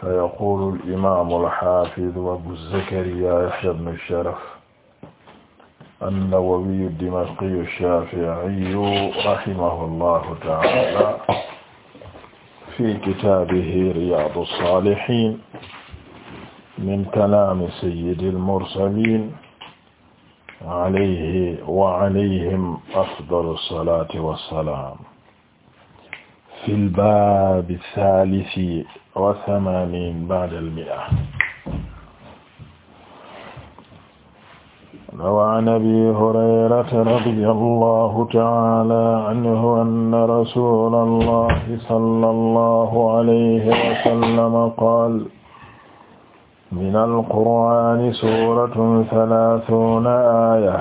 فيقول الإمام الحافظ أبو زكريا يحيى بن الشرف النووي الدمشقي الشافعي رحمه الله تعالى في كتابه رياض الصالحين من كلام سيد المرسلين عليه وعليهم أفضل الصلاة والسلام fi lbaabi althaalisi wa thamaaniin ba'da al-mi'a wa an abii hurayrata radiyallaahu ta'aalaa anhu anna rasuulallaahi sallallaahu alayhi wa sallam qaala mina al-qur'aani suuratun thalaathuuna aaya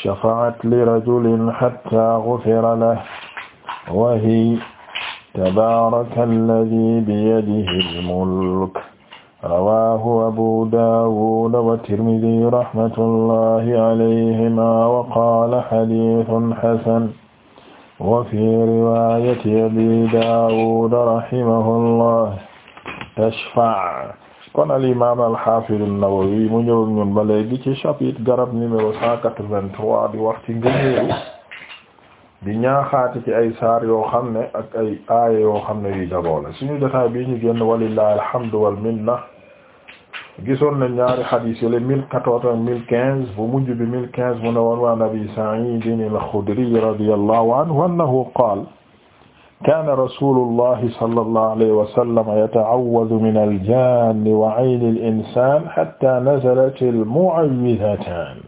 shafa'at li rajulin hattaa ghufira lahu wa hiya tabaaraka alladhi biyadihi al-mulk rawaahu abu daawuud wa tirmidhi rahmatullahi alayhimaa wa qaala hadiithun hasan wa fii riwaayati abi daawuud rahimahullah tashfa' kon al imaam al haafid an-nawawi mu ñëw ñun ba léegi ci chapitre garab numéro 183 di wax ci ngëneelu di ñaaxaate ci ay saar yoo xam ne ak ay aaya yoo xam ne yuy jagoo la suñu jotaay bii ñu génn walillahi alhamdu wal minna gisoon na ñaari xadiis yole mille quatorze ak mille quinze bu mujj bi mille quinze mu ne woon waan abi sa'idin al-xudri radiyallahu anhu annahu qaala kaana rasuulullahi sallallahu alayhi wa sallam yata'awwadu min al-jaanni wa ayni al-insaan hattaa nazalat al-mu'awwidhataan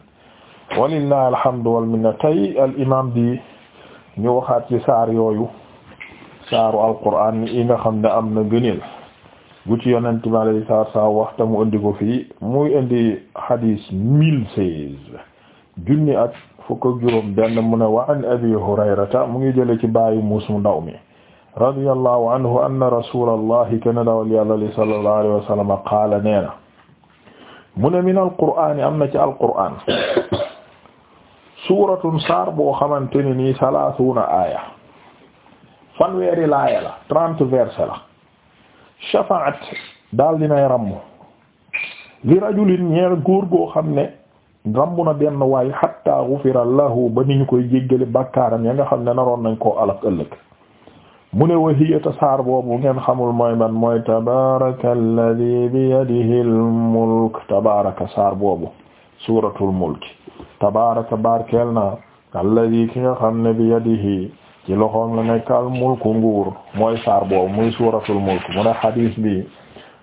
walillahi alhamdu wal minna tey al imaam bi ñu waxaat ci saar yooyu saaru alquran yi nga xam ne am na gëneel gu ci yonent bi alayhi saa salaam waxta mu indi ko fii muy indi hadis mille seize junni ak fukk ak juróom benn mu ne wa abi hurayrata mu ngi jële ci baayu muus mu ndaw mi radiyallahu anhu anna rasulallahi kana dawal yàlla li sallallahu alayhi wa sallam qaala nee na mu ne min alqur'ani am na ci alqur'an suuratun saar boo xamante ne nii salaasuuna aaya fanweeri laaya la trente versets la shafaat daal dinay ramm li rajulin ñeer góor goo xam ne ramm na benn waay hatta ghufira lahu ba ni koy jéggale bàkkaaram ya nga xam ne naroon nañ koo alak ëllëg mu ne wahiyata saar boobu ngeen xamul mooy man mooy tabaraka alladi biyadihi al mulk tabaraka saar boobu suuratul mulki tabaaraka barkeel na alladi ki nga xam ne bi yadihi ci loxoom la nekk al mulku nguur mooy saar boobu muy suuratul mulk mu ne xadiis bi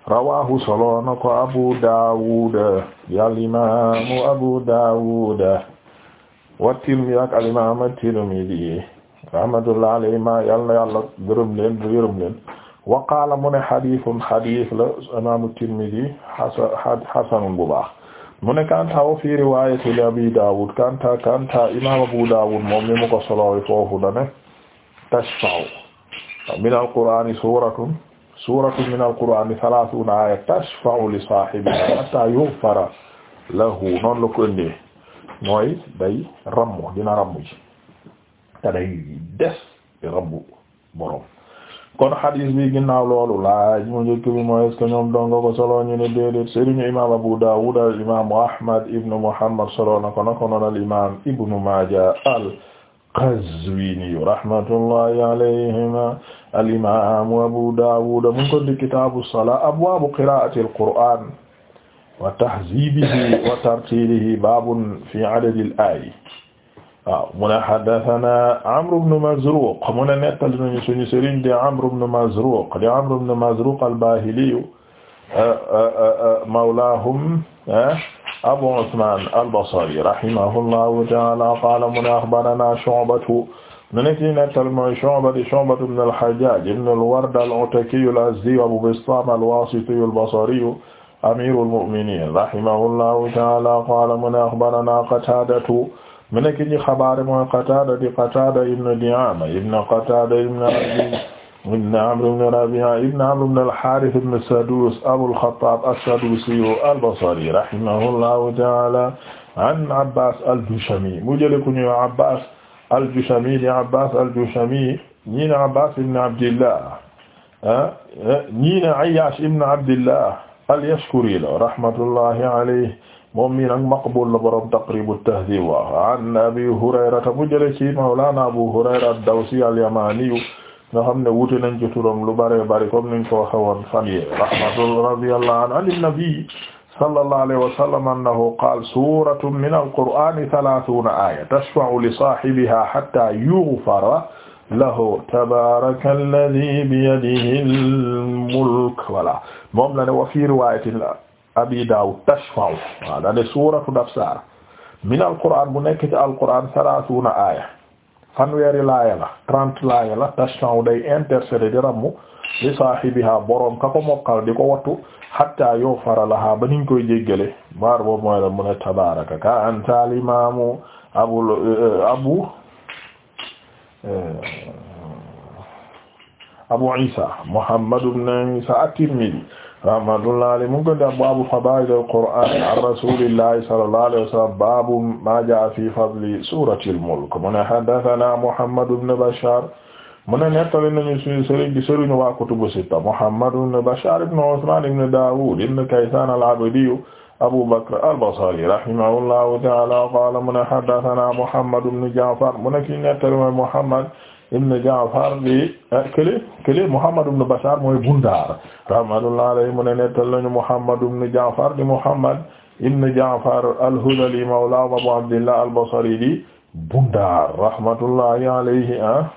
rawaahu solo ko abu daawud yal imaamu abu daawud wa tirmidi al imaam at-tirmidi rahmatullahi alayhimaa yal na yàlla gërëm leen yërëm leen wa qaala mu ne xadiisun bu baax mu ne kanta wa fi riwaayati li Abi Daawud kanta kanta imaam Abu Daawud moom ni mu ko foofu da ne tashfa'u min al-Qur'aani suuratun min al-Qur'aani thalaathuuna aaya tashfa'u li saahibihaa hattaa yughfara lahu noonu la mooy day rammu dina rammu ji day des di rammu borom kon hadis bi ginnaaw loolu laaj mu njëkk bi mooy est-ce que ñoom donga ko solo ñu ne déedéet sëriñu imam Abu Dawud al imam Ahmad ibn Muhammad solo na ko na ko noon al imam Ibn Maaja al Qazwini rahmatullahi alayhima al imam Abu Dawud mu ngi ko di kitaabu salaa abwaabu qiraa'ati al Qur'aan wa tahziibihi wa tartiilihi baabun fi adadi al aay waaw mu ne haddathana Amr ibn Mazruq mu ne nettali nañu suñu sëriñ di Amr ibn Mazruq di Amr ibn Mazruq al-Bahili eh, eh, eh, mawlaahum Abu Usman al-Basri rahimahullahu ta'ala qala mu ne akhbarana Shu'batu mu ne kii nettali mooy Shu'ba di Shu'ba ibn al-Hajjaj ibn al-Ward al-Ataki al-Azdi Abu Bistam al-Wasiti al-Basri amiru al-mu'minin rahimahullahu ta'ala qala mu ne akhbarana Qatadatu mu nekk ñi xabaare mooy Qatada di Qatada ibn Di'ama ibn Qatada ibn Abi ibn Amr ibn Rabi'a ibn Amr ibn al-Harith ibn Sadus Abul Khattab as-Sadusi al-Basri rahimahullahu ta'ala an Abbas al-Jushami mu jële ku ñuy Abbas al-Jushami di Abbas al-Jushami ñii ne Abbas ibn Abdillah ah, eh, ñii ne Ayyash ibn Abdillah al-Yashkuri rahmatullahi alayhi moom mii nag maqbul la borom taqribu tahdhib wa an abi hurayrata mu jële ci mawlana abu hurayra ad-dawsi al-yamaniyu nga xam ne wuute nañ ci turam lu bare bari comme niñ ko waxe woon fan yi rahmatul radiyallahu anhu an nabi sallallahu alayhi wa sallam annahu qaala suratun min al-qur'ani thalathuna aya tashfa'u li sahibiha hatta yughfara lahu tabaraka alladhi biyadihi al-mulk wala moom la ne wa fi riwayatin abi daawud tashfa'u suuratu dafsaar min alquran bu nekk ci alquran salaasuuna aaya fanweeri laaya la trente laaya la tashfa'u day intercéder di rammu li saahibiha boroom ka ko mokkal di ko wattu hatta yufara laha ba niñ koy jéggale baar mu ne tabaaraka ka anta abu abu abu isa muhammad ibn isa at rahmatullah alayhi mu ngi ko def baabu fadaa'il al-Qur'aan an rasuulillahi sallallahu alayhi wa sallam baabu maa jaa'a fii fadli suuratil mulk mu ne haddathanaa Muhammad ibn Bashaar mu ne nettali nañu suñu sëriñ di sëriñu waa kutubu sitta Muhammad ibn Bashaar ibn Usmaan ibn Daawuud ibn Kaysaan al-Abdi Abu Bakr al-Basri rahimahullahu ta'aala qaala mu ne haddathanaa Muhammad ibn Ja'far mu ne ki nettali mooy Muhammad ibn Ja'far bi eh, kële kële Muhammad ibn Bashar mooy Bundar rahmatullah alayhi mu ne nettal lañu Muhammad ibn Ja'far di Muhammad ibn Ja'far al-Hudhali mawla Abu Abdillah al-Basri di Bundar rahmatullahi alayhi ah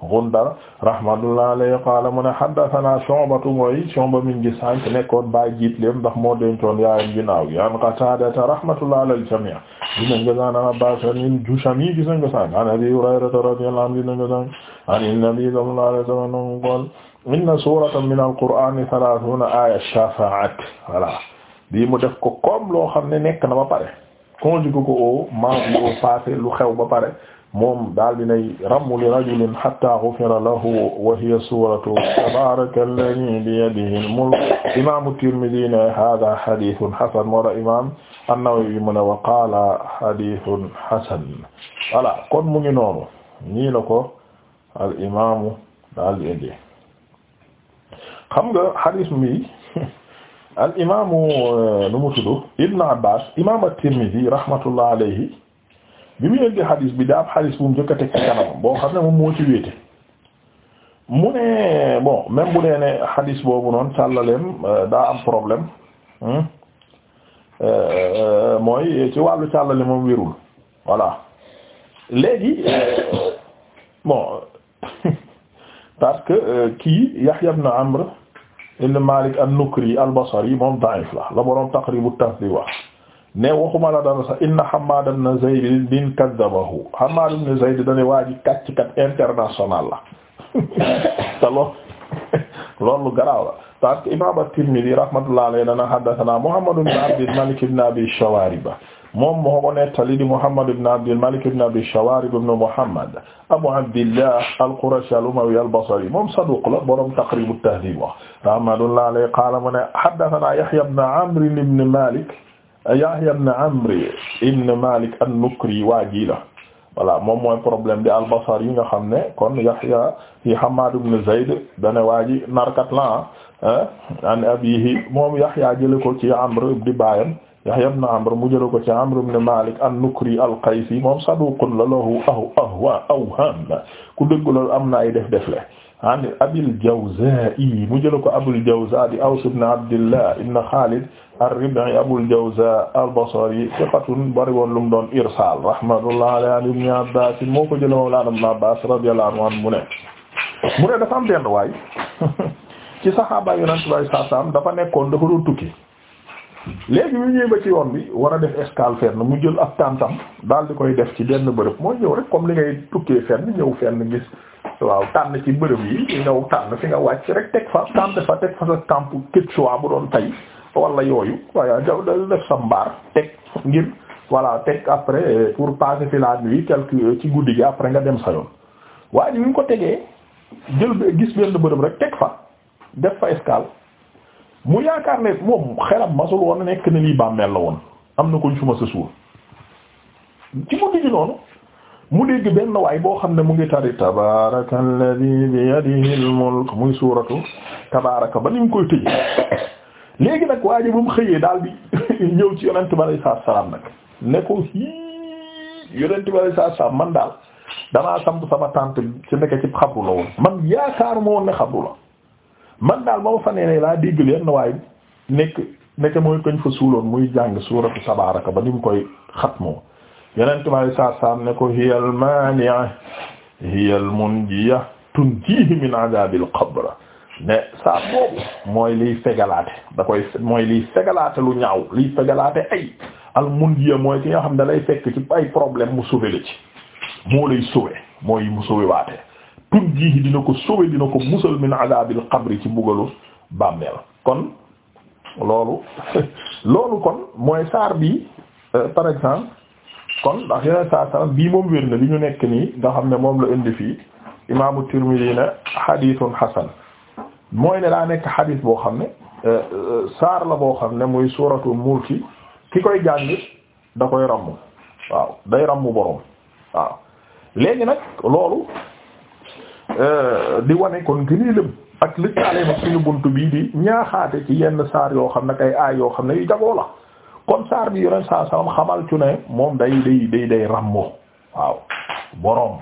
Gundar alayhi qaala mu ne haddathana Shu'batu mooy Shu'ba min ngi nekkoon baa jiit lépp ndax moo dencoon yaayam ginnaaw gi an Qatada rahmatullahi jamii' dina nga sànq an Abbas min Jushami gis nga sànq an Abi Hurayra radiyallahu anhu dina nga an Nabi sallallahu min al-Qur'ani thalathuna aaya shafa'at voilà bii mu def ko comme loo xam ne nekk na ba pare. conjugué ko au maadi au passé lu xew ba pare moom daal rammu li rajulin hatta ghufira lahu wa hiya suratu tabaraka bi yadihi al-mulk imam Tirmidhi ne hadha hadithun hasan moo tax imam An-Nawawi mu ne wa qaala hadithun hasan voilà kon mu ngi noonu nii la ko al imamu daal di indi xam nga hadith mi al imaamu euh, nu mu tudd Ibn Abbas imaam at-Tirmidhi rahmatullah alayhi bi mu indi xadis bi daa am bu mu njëkk a teg ci kanam boo xam ne moom moo ci wéete mu ne bon même bu ne xadis boobu noonu càllaleem euh, daa am problème hmm? euh, mooy ci wàllu càllale moom wérul voilà léegi bon parce que kii Yahya ibn Amr ibn Malik an-Nukri al-Basri moom da'if la la boroom Taqrib at-Tahdhib wax ne waxuma la dara sax inna Hammad ibn Zayd bin kaddabahu Hammad ibn Zayd dane waa ji kàcc kat international la te lool loolu garaaw la parce que imam at-Tirmidhi rahmatullah alayhi dana haddathana Muhammad ibn Abd al-Malik ibn Abi Shawariba moom moo ko nettali di Muhammad ibn Abdil Malik ibn Abi Shawarib ibn Muhammad Abu Abdillah al-Qurashi al-Umawi al-Basri moom saduq la borom Taqrib at-Tahdhib wax rahmatullahi alayhi qaala mu ne haddathana Yahya ibn Amr ibn Malik Yahya ibn Amr ibn Malik an-Nukri waa ji la voilà moom mooy problème bi al-Basri yi nga xam ne kon Yahya fi Hammad ibn Zayd dane waa ji narkat la ah, an abihi moom Yahya jële ko ci Amr di baayam Yahya ibn Amr mu jëla ko ci Amr ibn Malik an-Nukri al-Qaysi moom saduqun la lahu aw ahwa ku dëgg la am na ay def def la an Abil Jawzaa'i mu jël ko Abul Jawzaa di Aws ibn Abdillah ibn Khalid ar-Rib'i Abul Jawzaa al-Basri thiqatun bari woon lu mu doon irsaal rahmatullahi alayhi ibn Abbas moo ko jëla mawlana ibn Abbas radiyallahu anhu mu ne mu ne dafa am benn waay ci saxaaba Yonent bi sallallahu alayhi wasallam dafa nekkoon dafa tukki léegi mu ñëw ba ci yoon bi war a def escale fenn mu jël ab tam-tam daal di koy def ci benn bërëb mooy ñëw rek comme li ngay tukkee fenn ñëw fenn gis waaw tànn ci bërëb yi ñëw tànn fi nga wàcc rek teg fa tànn fa teg fa sa camp Quechua bu doon tay wala yooyu waaye jaw dal def sa mbaar teg ngir voilà teg après pour passer fi la nuit quelque ci guddi gi après nga dem sa yoon waaye ñu ko tegee jël gis benn bërëb rek teg fa def fa escale mu yaakaar ne moom xelam masul woon nekk na lii bàmmeel la woon am na koñ suma sa suur ci mu digg noonu mu dégg benn waay boo xam ne mu ngi tari tabaraka alladi bi yadihi al mulk muy suuratu tabaraka ba ni ñu koy tëje léegi nag waa ji mu xëyee daal bi ñëw ci yonent bi alayhi salaatu salaam nag ne ko hii yonent bi alayhi salaatu man daal damaa samp sama tànt ci nekk ci xabru la woon man yaakaar moo woon ne xabru la man daal boo ma fa laa dégg leen waaye nekk nekk mooy koñ fa suuloon muy jàng suuratu tabaaraka ba ni mu koy xatmoo yeneen tubaab yi saa saa ne ko hiyal maani'a hiyal munjiya tunjihi min adaabil qabr ne saa boobu mooy liy fegalaate da koy mooy liy fegalaate lu ñaaw liy fegalaate ay al munjiya mooy ki nga xam ne da lay fekk ci ay problème mu sauver la ci moo lay sauver mooy mu sauver tunjihi dina ko sowe dina ko musal min adaabil qabri ci mbugalu bàmmeel kon loolu loolu kon mooy saar bi euh, par exemple kon ndax yeneen saa saar bii moom wér na li ñu nekk nii nga xam ne moom la indi fii imaamu Tirmidhi ne xadiisun xasan mooy ne daa nekk xadiis boo xam ne euh, euh, saar la boo xam ne muy suuratul mulki ki koy jàng da koy ramm waaw day ramm boroom waaw léegi nag loolu Euh, di wane kon gëneelam ak lëkkaaleem ak suñu bunt bii di ñaaxaate ci yenn saar yoo xam ne kay aay yoo xam ne yu jagoo la kon saar bi yoneen saa salam xamal ci moom day day day day rammo waaw boroom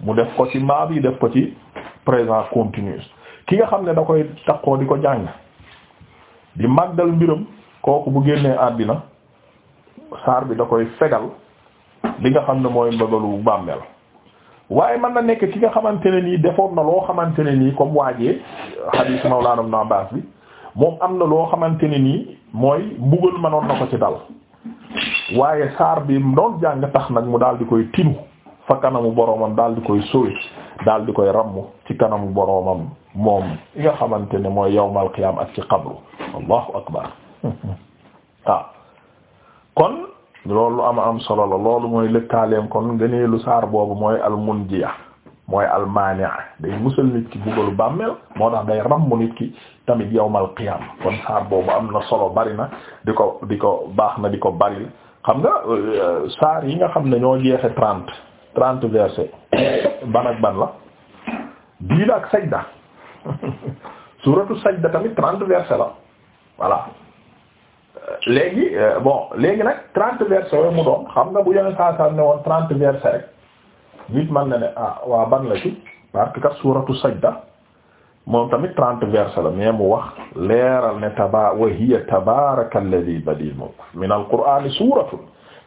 mu def ko ci maa yi def ko ci présent continu ki nga xam ne da koy takkoo di ko jàng di màggal mbiram kooku bu génnee àddina saar bi da koy fegal li nga xam ne mooy mbëgalu bàmmeel waaye man na nekk ki nga xamante ne nii defoon na loo xamante ne nii comme waajee hadith Mawlana Ibn Abbas bi moom am na loo xamante ne nii mooy mbugal manoon na ko ci dal waaye saar bi doon jàng tax nag mu daal di koy tinu fa kanamu boromam daal di koy sóoy daal di koy rammu ci kanamu boromam moom ki nga xamante ne mooy yawmal qiyaam ak ci qabru allahu akbar waaw ah. kon loolu am am solo la loolu mooy lëkkaaleem kon lu saar boobu mooy almunjiya mooy almaania day musal nit ki lu bàmmeel moo tax day ramb nit ki tamit yawmal qiyam kon saar boobu am na solo bari na di ko di ko baax na di ko bari xam nga euh, saar yi nga xam ne ñoo jeexe trente trente verset ban ak ban la diina ak sajda suratu sajda tamit trente verset la voilà léegi euh, bon léegi nag trente versets yooyu mu doon xam nga bu yeneen saa saa ne woon trente versets rek nit mën na ne ah waa ban la ci parce que kat suuratu sajda moom tamit trente versets la mais mu wax leeral ne taba wa hiya tabaraka alladhi badil mulk min al-qur'ani suuratun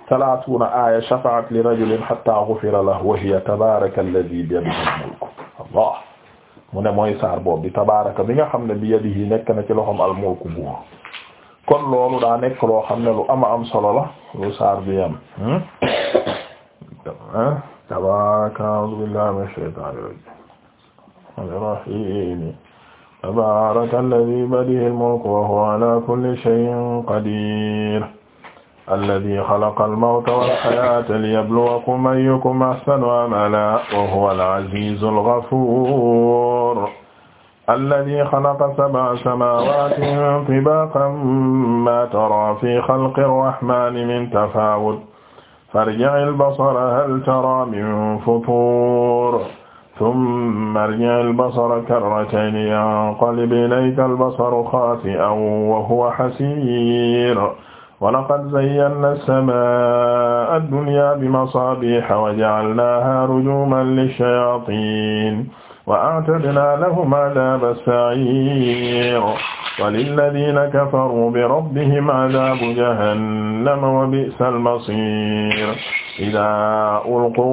thalathuna aya shafa'at li rajulin hatta ghufira lahu wa hiya tabaraka alladhi biyadihil mulk Allah mu ne mooy saar boobu di tabaraka bi nga xam ne bi yadihi nekk na ci loxom al-mulk buur kon loolu daa nekk loo xam ne lu ama am solo la lu saar bi yam tabaraka a'uuzu billahi minash shaytaanir rajiim rahim tabaraka alladhi biyadihil mulku wa huwa ala kulli shay'in qadir alladhi khalaqal mawta wal hayata liyabluwakum ayyukum ahsanu amala wa huwal aziizul ghafuur alladi xalaqa sab'a samaawatin tibaaqan maa taraa fii xalqi rrahmaani min tafaawut farji'il basara hal taraa min futuur summa arji'il basara karratayni yanqalib ilaykal basaru xaaasi'an wa huwa hasiir wa laqad zayyannaa samaa'a dunyaa bimasaabiiha wa ja'alnaahaa rujuuman lish-shayaatiin wa a'tadna lahum 'adhaba as-sa'ir wa lilladhina kafaru bi rabbihim 'adhabu jahannam wa bi'sa al-masir idha ulqu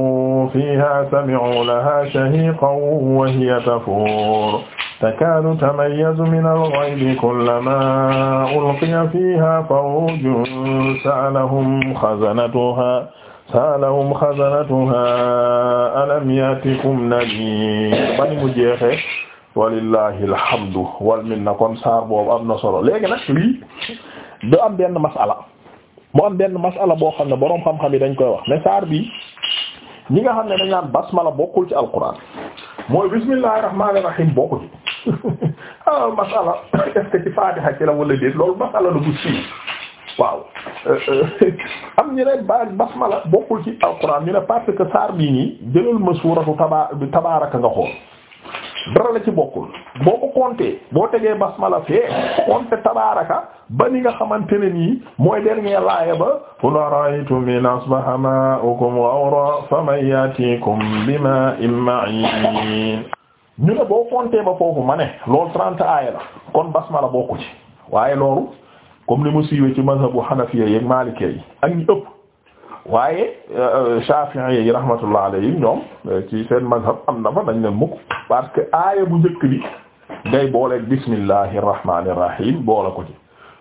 fiha sami'u laha shahiqan wa hiya tafur takadu tamayyazu min al-ghaybi kullama ulqiya fiha fawjun sa'alahum khazanatuha saalahum xasanatuha alam yatikum nadir bani mu jeexe walillahi alhamdu wal minna kon saar boobu am na solo léegi nag lii du am benn masala mu am benn masala boo xam ne boroom xam-xam yi dañ koy wax mais saar bi ñi nga xam ne dañ naan basmala bokkul ci alquran mooy bismillahi rahmaani rahim bokku ci ah masala est-ce que ci faatiha ci la wala déet loolu masala la bu siiw waaw am ñu ne ba la bokkul ci alquran ñu ne parce que saar bii nii jëlal ma suuratu taba tabaaraka nga xool dara la ci bokkul boo ko compter boo tegee basmala fee compter tabaaraka ba ni nga xamante ne nii mooy dernier laaya ba qul ara'aytum in asbaha ma'ukum ghawran faman ya'tikum bimaa'in ma'iin ñu ne boo compter ba foofu ma ne loolu trente aaya la kon basmala bokku ci waaye loolu comme li mu siiwee ci mazhabu xanafiya yeeg maalikee yi ak ñu ëpp waaye euh, shafi'i yi rahmatullah alayhim ñoom euh, ci seen mazhab am na fa dañ ne mukk parce que aaya bu njëkk bi day booleeg bismillahi irrahmani irrahim boole ko ci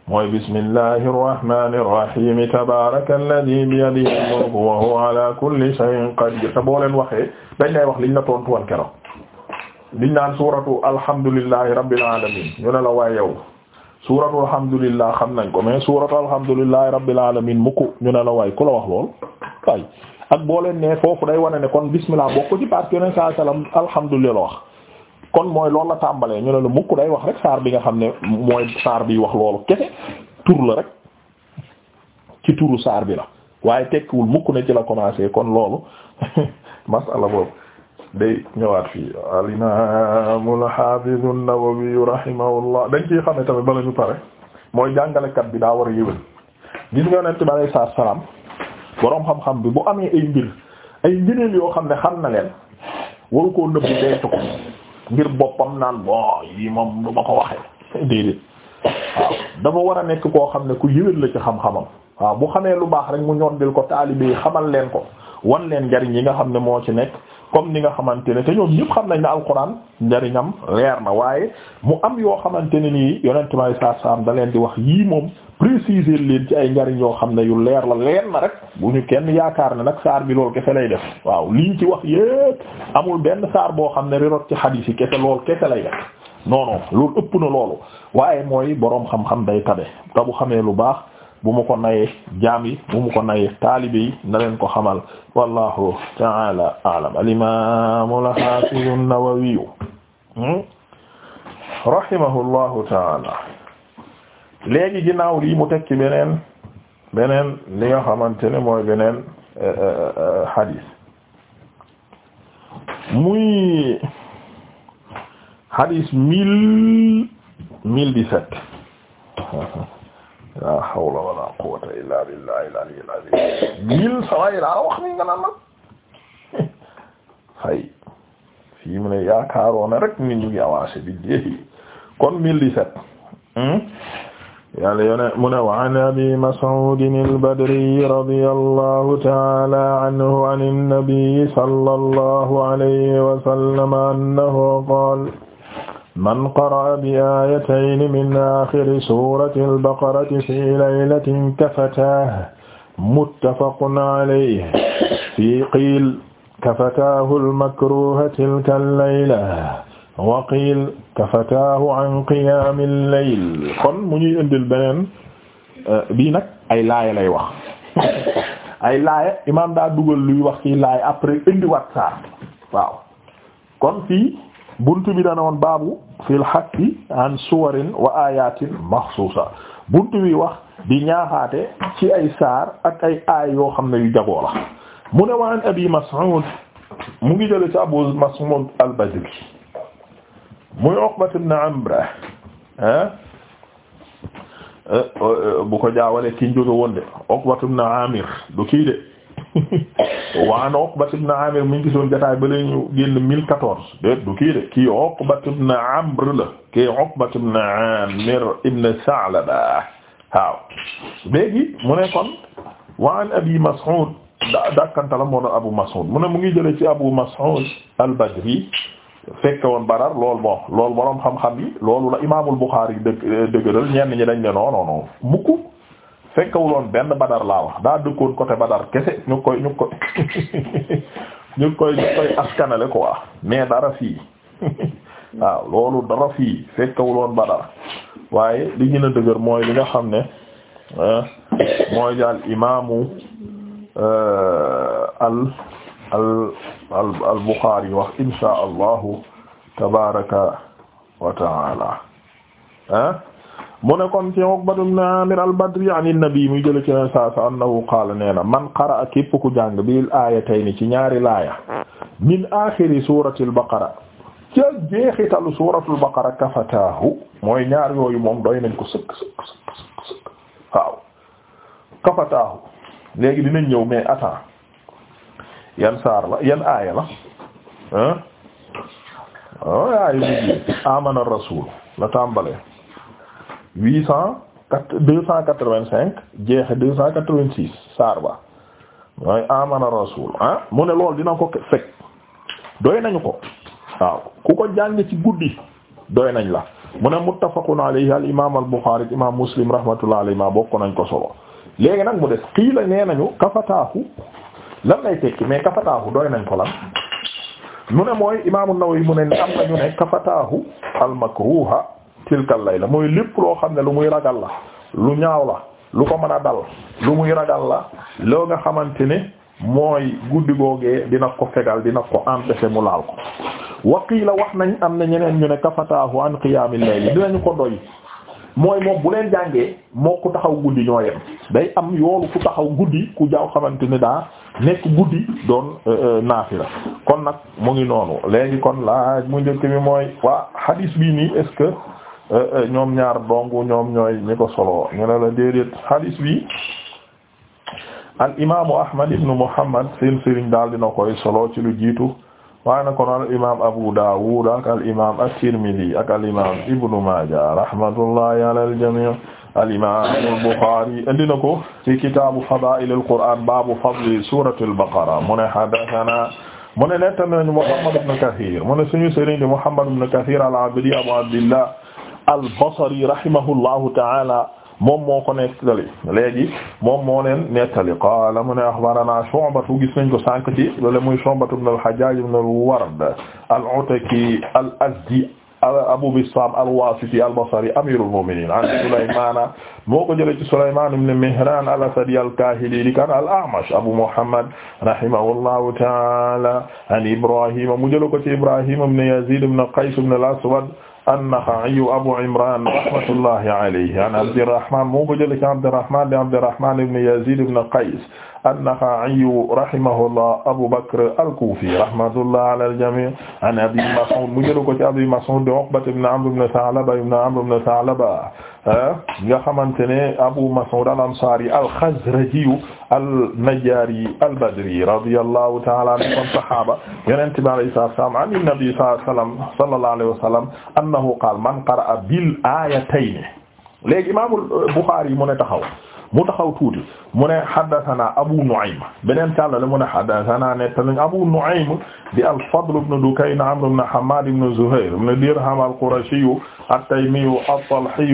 mooy bismillahi irrahmani irrahim tabaraka alladi biyadihi almulku wa huwa ala kulli shay'in qadir te boo leen waxee dañ lay wax liñ la tontu woon keroog liñ naan suuratu alhamdulillahi rabbil alamin ñu ne la waaye yow suuratu alhamdulillah xam nañ ko mais suuratu alhamdulillahi rabbil alamin mukk ñu ne la waay ku la wax lool waay ak boo leen ne foofu day wane ne kon bismillah bokk ci parce que yoneen saa kon mooy loolu la tàmbalee ñu ne la mukk day wax rek saar bi nga xam ne mooy saar bi wax loolu kese tur la rek ci turu saar bi la waaye tekkiwul mukk ne ci la commencé kon loolu masala boobu day ñëwaat fii al imam al hafiz an-Nawawi rahimahullah dañ ciy xam ne tamit bala ñu pare mooy jàngalekat bi daa war a yëwén gis nga yonent bi alayhi salaatu salaam boroom xam-xam bi bu amee ay mbir ay ngëneel yoo xam ne xal na leen ko koo nëbb deytu ko ngir boppam naan bon yi moom du ma ko waxee déedéet waaw dafa war a nekk koo xam ne ku yëwén la ci xam-xamam waaw bu xamee lu baax rek mu ñoddil ko taalibe yi xamal leen ko wan leen njariñ yi nga xam ne moo ci nekk comme ni nga xamante ne te ñoom ñëpp xam nañ ne alquran njariñam leer na waaye mu am yoo xamante ne nii yonent may saa saam da leen di wax yii moom préciser leen ci ay njariñ yoo xam ne yu leer la leen na rek bu ñu kenn yaakaar ne nag saar bi lool kese lay def waaw liñ ci wax yépp amul benn saar boo xam ne rirot ci xadiis yi kese lool kese lay def non loolu ëpp na loolu waaye mooy boroom xam-xam day tabe te xamee lu baax. bu mu ko nayee jaam yi bu mu ko nayee taalibe yi na leen ko xamal wallahu ta'ala a'lam al-imam al-hafiz hmm? ta'ala léegi ginnaaw lii mu tekki beneen beneen li nga xamante ne mooy beneen eh, eh, eh, hadith muy hadith mille mille dix la hawla wala quwwata illa billahi al-aliyyil azim gil saway laa wax ni nga naan nag fay fii mu ne yaakaaroona rek ni ñu ngi avancé bi jeexi kon mille dix-sept hmm? yàlla yone mu ne wa an abi mas'ud al-badri radiyallahu ta'ala anhu an an-nabi sallallahu alayhi wa sallam annahu qala man qaraa bi aayatayni min aaxiri suurati albaqarati fii laylatin kafataahu muttafaqun alayhi fii qiil kafataahu almakruuha tilka allayla wa qiil kafataahu an qiyaami allayl kon mu ñuy indil beneen eh, bii nag ay laaya lay wax ay laaya imaam daa dugal luy wax ci laaya après indiwaat saar waaw kon fii buntu bi dana woon baabu fil hakki an suwarin wa ayatin maxsuusa buntu bi wax di ñaaxaate ci ay saar ak ay aay yoo xam ne yu jagoo mu ne waan abi mas'ud mu ngi jële ci abu mas'ud al muy uqbat ibn amr ah eh, eh, bu ko jaawale ki njóge woon de uqbat amir du kii de waan Uqba ibn Amir mu ngi gisoon jotaay ba lañu génn mille quatorze déet du kii de kii Uqba ibn Amr la kii Uqba ibn Amir ibn Sa'laba waaw léegi mu ne kon waan Abi Mas'ud da dakkantalam moo Abu Mas'ud mu ne mu ngi jëlee ci Abu Mas'ud al-Badri fekke woon Badar lool bon loolu boroom xam-xam yi loolu la Imaamul Bukhari dëgg dëgëral ñenn ñi dañ ne non non fekkewuloon benn badar laa wax daa dëkkoon côté badar kese ñu koy ñu koy ñu koy ñu koy askanale mais dara fii waaw loolu dara fii fekkewuloon badar waaye li dëgër mooy li nga xam ne mooy daal imaamu euh, al al al al Bukhari wax insha allahu tabaraka wa taala ah mu ne kon ci Amir al-Badri an an-Nabi muy jële ci leen saa sa annahu qaala man qara'a képp ku jàng tey ni ci ñaari laaya min aaxiri suuratul baqara ca jeexitalu suuratul baqara kafataahu mooy ñaar yooyu moom doy nañ ko sëkk sëkk sëkk sëkk waaw kafataahu léegi dinañ ñëw mais attends yan saar la yan aaya la ah. Oh, waaw aaya bi amana rasul la tàmbalee. huit cent quatre deux cent quatre-vingt-cinq jeexe deux cent quatre-vingt-six saar ba mooy amana rasul ah mu ne lool dina ko fekk doy nañu ko waaw ku ko jàng ci guddi doy nañ la mu ne muttafaqun alayhi al imam al bukhari imam muslim rahmatullah alayhi ma bokk nañ ko solo léegi nag mu des kii la nee nañu kafataahu lan lay tekki mais kafataahu doy nañ ko lan mu ne mooy imam an-nawawi mu ne am nañu ne kafataahu al makruha tilkal lay la mooy lépp loo xam ne lu muy ragal la lu ñaaw la lu ko mën a dal lu muy ragal la loo nga xamante ne mooy guddi googee dina ko fegal dina ko empêcher mu laal ko waqiila wax nañ am na ñeneen ñu ne kafataahu an qiyaamil layl dinañu ko doy mooy moom bu leen jàngee moo ku taxaw guddi ñoo yem day am yoolu ku taxaw guddi ku jaaw xamante ni daa nekk guddi doon euh, euh, la kon nag mu ngi noonu léegi kon laaj mu njëkk bi mooy waa hadis bii nii Euh, euh, ñoom ñaar dong ñoom ñooy ñi ko solo ñu ne la déedéet hadis bi al imaamu Ahmad ibn Muhammad seen sëriñ daal dina koy solo ci lu jiitu waaye nag kon al imaam Abu Dawud ak al imaam at-Tirmidhi ak al imaam Ibn Maaja rahmatullahi ala al jamii al imaam al-Bukhari indi na ko ci kitaabu fadaa'il al-Qur'aan baabu fadli suurati al-Baqara mu ne haddasanaa mu ne Muhammad ibn Kathir al-Abdi Abu Abdillah al-Basri rahimahullahu ta'ala moom moo ko nettali léegi moom moo leen nettali qaala mu ne axbarana Shu'batu gis nañ ko sànq ci loolu muy Shu'batu ibn al-Hajjaj ibn al-Ward al-Ataki al-Azdi Abu Bistam al-Wasiti al-Basri amirul mu'minin an Sulaymana moo ko jëlee ci Sulayman ibn Mihran al-Asadi al-Kahili li kan al-A'mash Abu Muhammad rahimahullahu ta'ala an Ibrahim mu jëlee ko ci Ibrahim ibn Yazid ibn Qays ibn al-Aswad an-Nakha'i Abu Imran rahmatullahi alayhi an Abdirrahman moo ko jëlee ci Abdirrahman di Abdirrahman ibn Yazid ibn Qays an-Nakha'i rahimahullah Abu Bakr al-Kufi rahmatullah ala al-jami' an Abi Mas'ud mu jëlu ko ci Abi Mas'ud Uqbata ibn Amr ibn Tha'laba ibn Amr ibn Tha'laba nga xamante ne Abu Mas'ud al-Ansari al-Khazraji al-Najjari al-Badri radiyallahu ta'ala anhu sahaba Yonent bi alayhi salaam an Nabi sallallahu alayhi wa sallam annahu qaala man qara'a bil aayatayni léegi Imam al-Bukhari mu ne taxaw mu taxaw tuuti mu ne haddathana Abu Nu'aym beneen càllale mu ne haddathana nettalañ Abu Nu'aym di al-Fadl ibn Dukayn Amr ibn Hammad ibn Zuhayr ibn Dirham al-Qurashi at-Taymi at-Talhi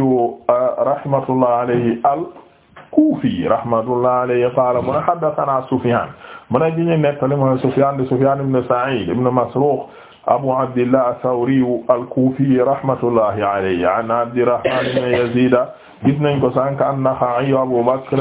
rahmatullah alayhi al-Kufi rahmatullah alayhi qala mu ne haddathana Sufyan mu ne ji ñu nettali mu ne Sufyan di Sufyan ibn Sa'id ibn Masruq abu abdillah ath-Thawri al-Kufi rahmatullahi alayhi an Abdirrahman ibn Yazid gis nañ ko sànq an-Nakha'i Abu Bakr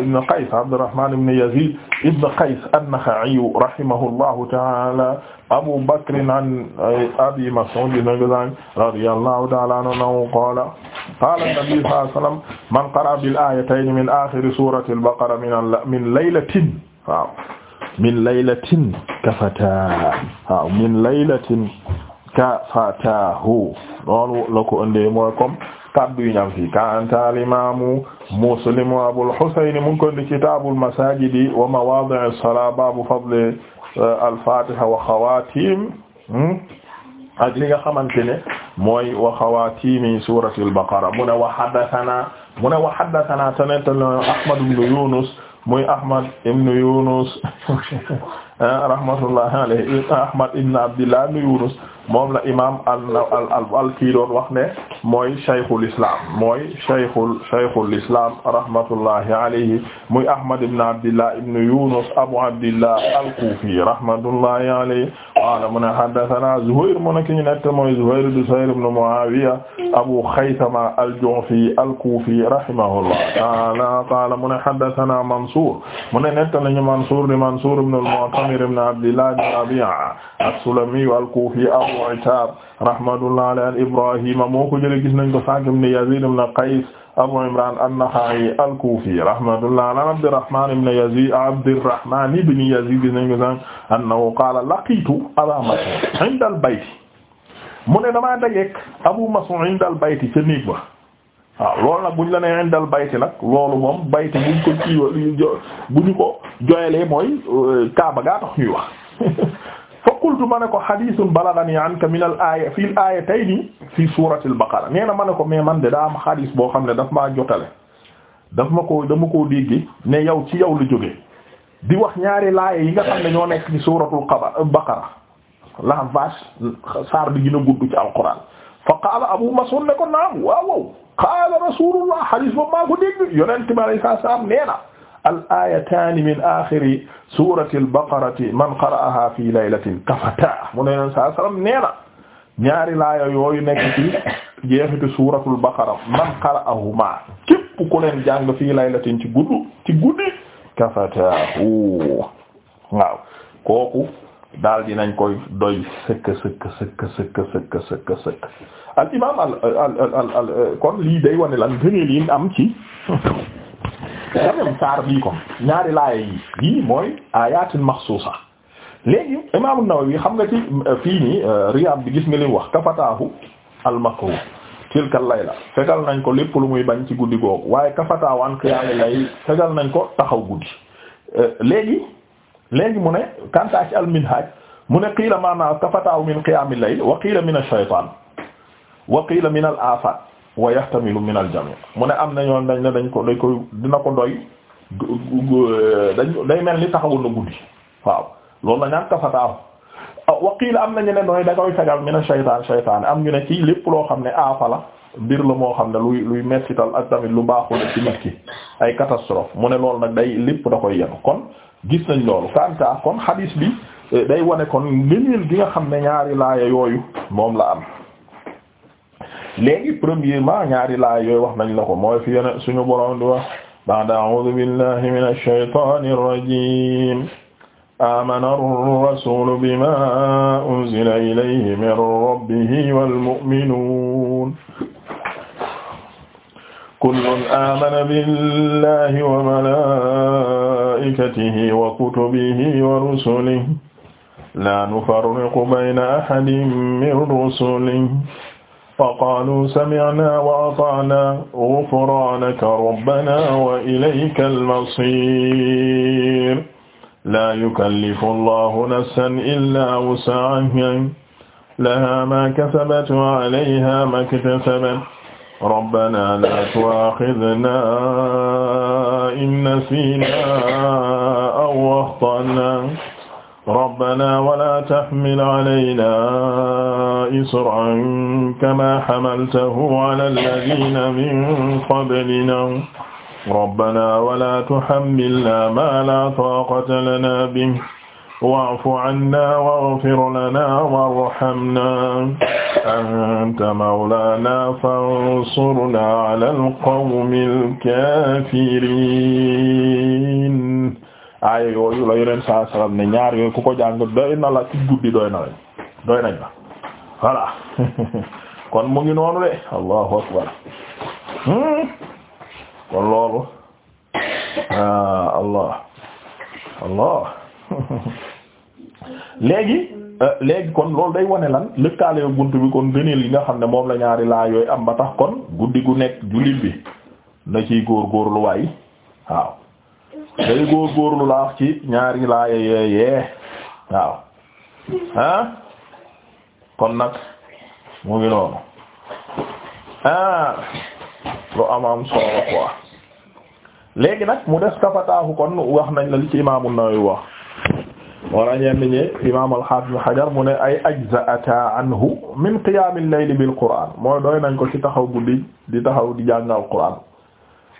ibn Qays Abdirrahman ibn Yazid ibn Qays an-Nakha'i rahimahullahu ta'ala Abu Bakr an eh, Abi Mas'ud gis nañ ko sànq radiyallahu ta'ala anhu qala qala an-nabi sallallahu alayhi wa sallam man qara'a bil-ayatayni min akhiri surati al-baqara min laylatin waaw min laylatin kafataa waaw min laylatin kafataahu loolu la ko ëndee mooy comme kaddu yi ñam fi kanta al imaamu muslim wa abul husayn mu ngi ko indi kitaabul masaajidi wa mawaadi'is salaa baabu fadli eh, al fatiha wa xawaatim hmm? ak li nga xamante ne mooy wa xawatimi suratul baqara mu ne wa haddathana mu ne wa haddathana tanatana ahmad ibn yunus muy Ahmad ibn Yunus Eh, rahmatullahi alayhi Ahmad ibn Abdillah ibn Yunus moom la imam al kii doon wax ne mooy shaykhul islam mooy shaykhul shaykhul islam rahmatullahi alayhi muy Ahmad ibn Abdillah ibn Yunus Abu Abdillah al-Kufi rahmatullahi alayhi qala mu ne haddathana Zuhayr mu ne ki ñu nett mooy Zuhayr ibn Sa'id ibn Muawiya Abu Khaythama al-Ju'fi al-Kufi rahimahullah ta'ala qala mu ne haddathana Mansur mu ne nett nañu Mansur di Mansur ibn al-Mu'tamir Aamir ibn Abdillah ibn Rabi'a as-Sulami al-Kufi Abu Attab rahmatullahi alayhi Ibrahima moo ko jëlee gis nañ ko sànq ibn Yazid ibn Qays Abu Imran an-Nakha'i al-Kufi rahmatullahi alayhi Abdurrahman ibn Yazid Abdurrahman ibn Yazid gis nañ ko sànq annahu qala laqitu Aba Mas'ud inda al-bayt mu ne damaa dajeek Abu Mas'ud inda al-bayt ca néeg ba waaw loolu nag buñ la nee indal bayti nag loolu moom bayti buñ ko kii bu ñu ko joyelee mooy euh, kaaba gaa tax ñuy wax faqultu ma ne ko hadithun balagani anka min al aaya fii l tey fi fii al baqara nee na ma ne ko mais man de daa am hadith boo xam ne daf maa jotale daf ma ko dama ko dégg ne yow ci yow la jógee di wax ñaari laaya yi nga xam ne ñoo nekk ci suratul baqara la vache saar bi gën a gudd ci alquran fa qaala Abu Mas'ud ne ko naam waaw waaw qaala Rasulullah hadis ba maa ko dégg yonent bi alayhi salaam nee na al ayataani min aaxiri suurati al-baqarati man qara'ahaa fii laylatin kafataa mu ne yonent saa salaam nee na ñaari laaya yooyu nekk ci jeexitu suuratul baqara man qara'ahumaa képp ku leen jàng fii laylatin ci guddu ci guddi kafataahu waaw kooku daal dinañ koy doy sëkk sëkk sëkk sëkk sëkk sëkk al imaam al al al euh, kon lii day wane lan gëneel yi am ci quand même bii kon ñaari laaya yi yii mooy ayatin maxsuusa léegi imaam an-Nawawi xam nga ci euh, fii nii euh, Riyad bi gis nga lim wax kafataahu al-makruh tilka layla fegal nañ ko lépp lu muy bañ ci guddi googu waaye kafataahu an qiyaamil layl fegal nañ ko taxaw guddi léegi léegi mu ne kanta ci al mu ne qiila maanaam kafataaw min qiyaamil layl wa qiila min ash-shaytaan wa qiila min al-aafaat wa yahtamilu min al-jamii' mu ne am na ñoom dañ ne dañ ko dañ dina ko doy dañ day ni taxawul na guddi waaw loolu la ñaan kafataaw wa qiila am na ñu ne nooy da koy fegal min ash-shaytaan ci lépp loo xam ne aafa la mbir la moo xam ne luy luy mettital ak tamit lu baaxul ci nit ki ay catastrophe mu ne loolu nag day lépp da koy yenu kon gis nañ loolu kanta kon hadis bi eh, day wane kon ngëneel gi nga xam ne ñaari laaya yooyu moom la am léegi premièrement ñaari laaya yooyu wax nañ la ko mooy fi yene suñu borom di wax ba'da a'udhu billahi minash shaytanir rajim amana ar-rasulu bima unzila ilayhi min rabbihi wal mu'minun kullun aamana billahi wa malaa'ikatihi wa kutubihi wa rusulihi laa nufarriqu bayna ahadin min rusulihi fa qaaluu sami'naa wa ata'naa ghufraanaka rabbanaa wa ilayka al-masiir laa yukallifu allahu nafsan illaa wus'ahaa lahaa maa kasabat wa alayhaa maa iktasabat ربنا لا تؤاخذنا إن نسينا أو أخطأنا ربنا ولا تحمل علينا إصرا كما حملته على الذين من قبلنا ربنا ولا تحملنا ما لا طاقة لنا به wa'fu anna waghfir lana warhamna anta mawlana fansurna ala alqawmil kafirin aaya yooyu la yeneen saa salaam ne ñaar yooyu ku ko jàng doy na la ci guddi doy na la doy nañ la voilà kon mu ngi noonu de allahu akbar hmm? kon loolu ah, allah allah léegi euh, léegi kon loolu day wane lan lëkkaale bunt bi kon gëneel yi nga xam ne moom la ñaari laa yooyu am ba tax kon guddi gu nekk jullit bi na ciy góorgóorlu waay waaw day góorgóorlu la wax ci ñaari laa yooyee waaw ah kon nag mu ngi noonu ah lu am am solo léegi nag mu des kafataahu kon wax nañ la li ci Imaamu Nawawi wax. wala ñenn ñi imaam al-Hafiz Hajar mu ne ay ajza'ata anhu min qiyaam al-layl bil mooy doy nañ ko ci taxaw guddi di taxaw di jàng al-Qur'an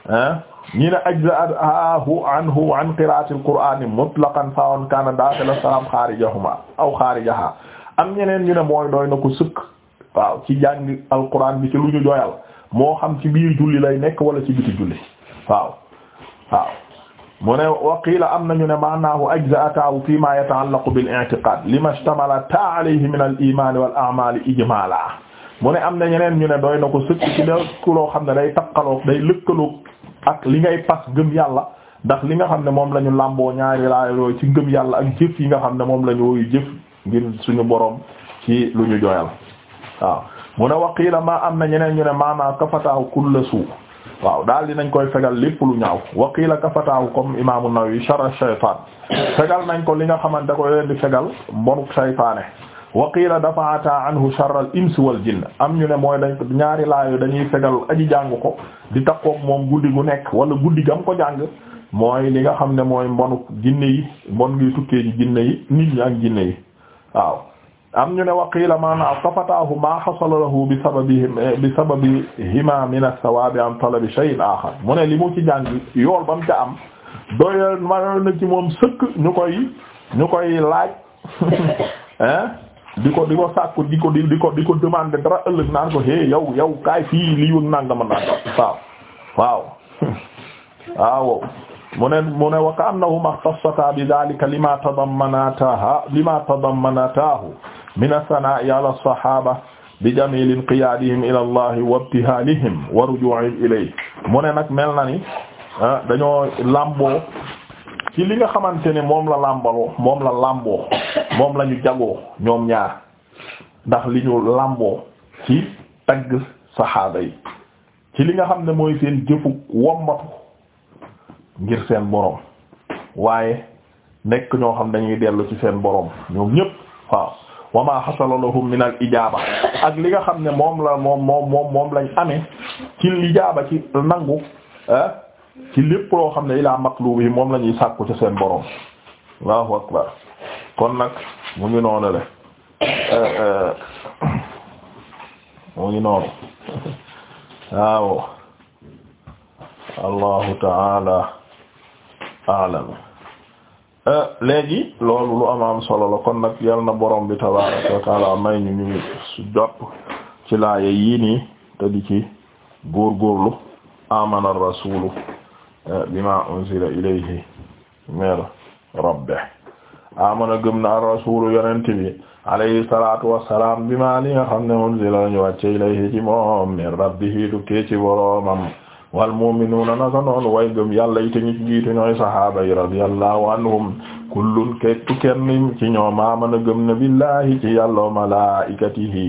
ah ñi ne ajza'ahu anhu an qira'ati al-Qur'an mutlaqan sawa'an kana dakhila as-salaam kharijahuma aw kharijaha am ñeneen ñu ne mooy doy na ko sëkk waaw ci jàng al-Qur'an bi ci lu ñu doyal moo xam ci biir julli lay nekk wala ci biti julli waaw waaw mu ne waqiila am na ñu ne maanaahu ajza'ataahu fii maa yata'allaqu bil li ma ishtamalataa alayhi min al iimaani wal a'maali ijmaalaa mu ne am na ñeneen ñu ne doy na ko sëkk ci ku loo xam ne day taqaloog day lëkkaloog ak li ngay pas gëm yàlla ndax li nga xam ne moom lañu làmboo ñaari laa ci ngëm yàlla ak jëf yi nga xam ne moom lañu ñu woyu jëf ngir suñu borom ci lu ñu joyal waaw mu ne waqiila ma am na ñeneen ñu ne maanaa kafataahu kulla suu' waaw daal dinañ koy fegal lépp lu ñaaw waqiila kafataahu comme imaamu Nawawi shar ash-shaytaan fegal nañ ko li nga xamante da koy leen di fegal mbonuk saytaane waqiila dafa'ata anhu shar al-insi wal ginn am ñu ne mooy dañ ko ñaari laayo dañuy fegal aji jàng ko di takkook moom guddi gu nekk wala guddi gam ko jàng mooy li nga xam ne mooy mbonuk jinne yi mbon ngi tukkee ji jinne yi nit ñi ak jinne yi waaw am ñu ne waqiila maana tafataahu maa xasala lahu bi sababi bi min as-sawaabi an talabi shay'in aaxar mu ne li mu ci jàng yool ba ca am doyal manal na ci moom sëkk ñu koy koy laaj hein di ko di ko sàkku di ko di di ko di ko demander dara ëllëg naan ko hé yow yow kaay fii li yun nangama nanga waaw waaw mu ne mu ne wa annahuma ikhtassata bi dhalika lima tadammanataha lima tadammanatahu min as-sanaa'i ala as-sahaaba bi jamiil inqiyaadihim ila allah wa ibtihaalihim wa rujuu'ihim ilayhi mu ne nag mel na ni dañoo làmboo ci li nga xamante ne moom la làmbaloo moom la làmboo moom lañu ñu jagoo ñoom ñaar ndax li ñu làmboo ci tagg saxaaba yi ci li nga xam ne mooy seen jëfu wombatu ngir seen boroom waaye nekk ñoo xam dañuy dellu ci seen boroom ñoom ñépp waaw wa ma hasala lahum min al ijaaba ak li nga xam ne moom la moom moom moom moom lañ amee ci lijaaba ci nangu ah, ci lépp xam ne ilaa matlubi moom la ñuy sàkku ci seen borom allahu akbar kon nag mu ngi noonu le eh, eh, mu ngi noonu waaw allahu taala a'lam Euh, léegi loolu lu am solo la kon nag yal na borom bi tabaaraka wa taala may ñu ñu su jot ci laaye yii ni te di ci góorgóorlu amana rasulu euh, bima unzila ilayhi min rabbih amana gëm na ar rasulu yonent bi alayhi salatu bi ma li nga xam ne unzila ñu wàcce ilayhi ci moom min rabbihi du ke ci boromam wal mu'minuuna naka noonu way gëm yàlla yi te ñu ci jiitu ñooy sahaaba yi radiyallahu anhum kullun kettu kenn ci ñoom amana gëm na billahi ci yàlla malaa'ikatihi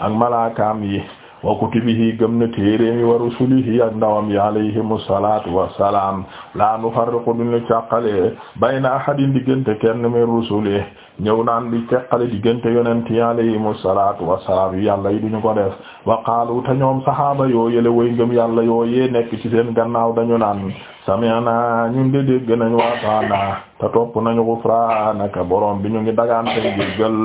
ak malaakaam yi wa kutubihi gëm na téeréemi wa rusulihi ak ndawam yi alayhimu salaatu wassalaam la nufarriqu duñu càqale na ahadin diggante kenn min rusuli ñëw naan di teqale diggante yonent yi alayhimu salaatu wassalaam yu yàlla yi duñu ko def wa qaalu te ñoom sahaaba yoo yële way ngëm yàlla yoo yee nekk ci seen gannaaw dañu naan sami'na ñun de dégg nañu waataana te topp nañu gufraanaka borom bi ñu ngi dagaan seen jéggal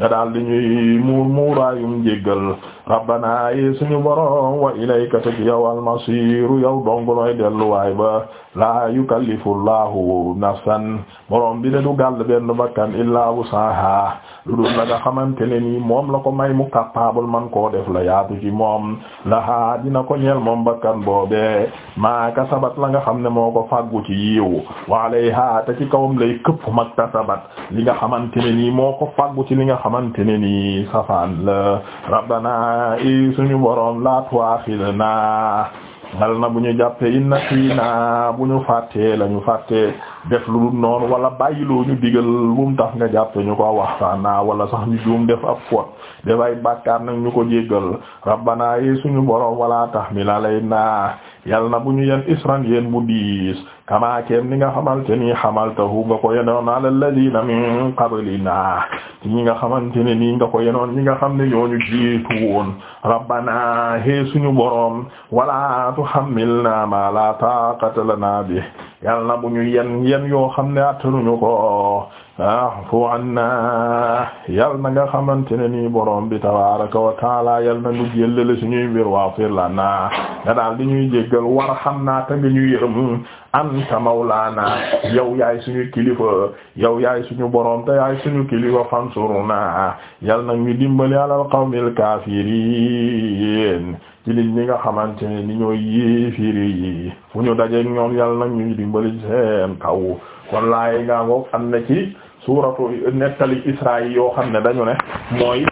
nga daal di ñuy muur muuraayum jéggal rabbana yi suñu borom wa ilayka tëj yow almasiru yow donguloy delluwaay ba laa yukallifu llahu nafsan borom bi de du gàll benn bakkan illaa wusaha lu du la nga xamante ne nii moom la ko may mu capable man koo def la yaatu ci moom lahaa dina ko ñeel moom bakkan boobe maa kasabat la nga xam ne moo ko fàggu ci yiw waalayha te ci kawam lay këpp mag tasabat li nga xamante ne nii moo ko fàggu ci li nga xamante ne nii safaan la rabbana i suñu borom la tuaxidna hal na bu ñu jàppe inna siina bu ñu fàtte lañu fàtte def lu noonu wala bàyyiloo ñu digal mu mu tax nga jàppe ñu ko waxtaana wala sax ñu juum def a fot def ay bàkkaar ñu ko jéggal rabbana yi suñu borom wala tahmil alayna yal na bu ñu yen isran yéen bu diis kamaa ni nga xamante ni xamaltahu nga ko yenoon ala alladina min qablina ci ñi nga xamante ne nii nga ko yenoon ñi nga xam ne ñooñu jiitu woon rabbana hee suñu borom wala tuhammilna ma la taqata lana bi yàlla na bu ñu yen yoo xam ne attanuñu ko fu anna yàlla na nga xamante ne nii borom bi tabaraka wa taala yàlla na ñu jëllale suñuy mbir waafir lana nga daal di ñuy jéggal warhamna te nga ñu yërëm anta mawlana yow yaay suñu kilifa yow yaay suñu borom te yaay suñu kilifa fansurna yàlla na ñu dimbali alal qawmil kaafiriin ci li ñi nga xamante ne ni ñooy yéefiri yi fu ñu dajeek ñoom yàlla nag ñuy dimbali seen kaw kon laay ngaa ngoog am na ci suuratu nettali Israayil yoo xam ne dañu ne mooy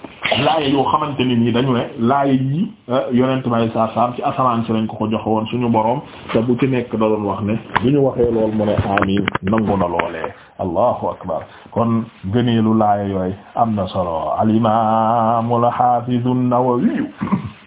laaye yoo xamante ni nii dañu ne laaye yi eh, yonent may saa saam ci asamaan si lañ ko ko jox woon suñu boroom te bu ci nekk da doon wax ne bu ñu waxee lool mu ne amiin nangu na loolee allahu akbar kon gëneelu laaye yooyu am na solo al imaamul haafizu Nawawi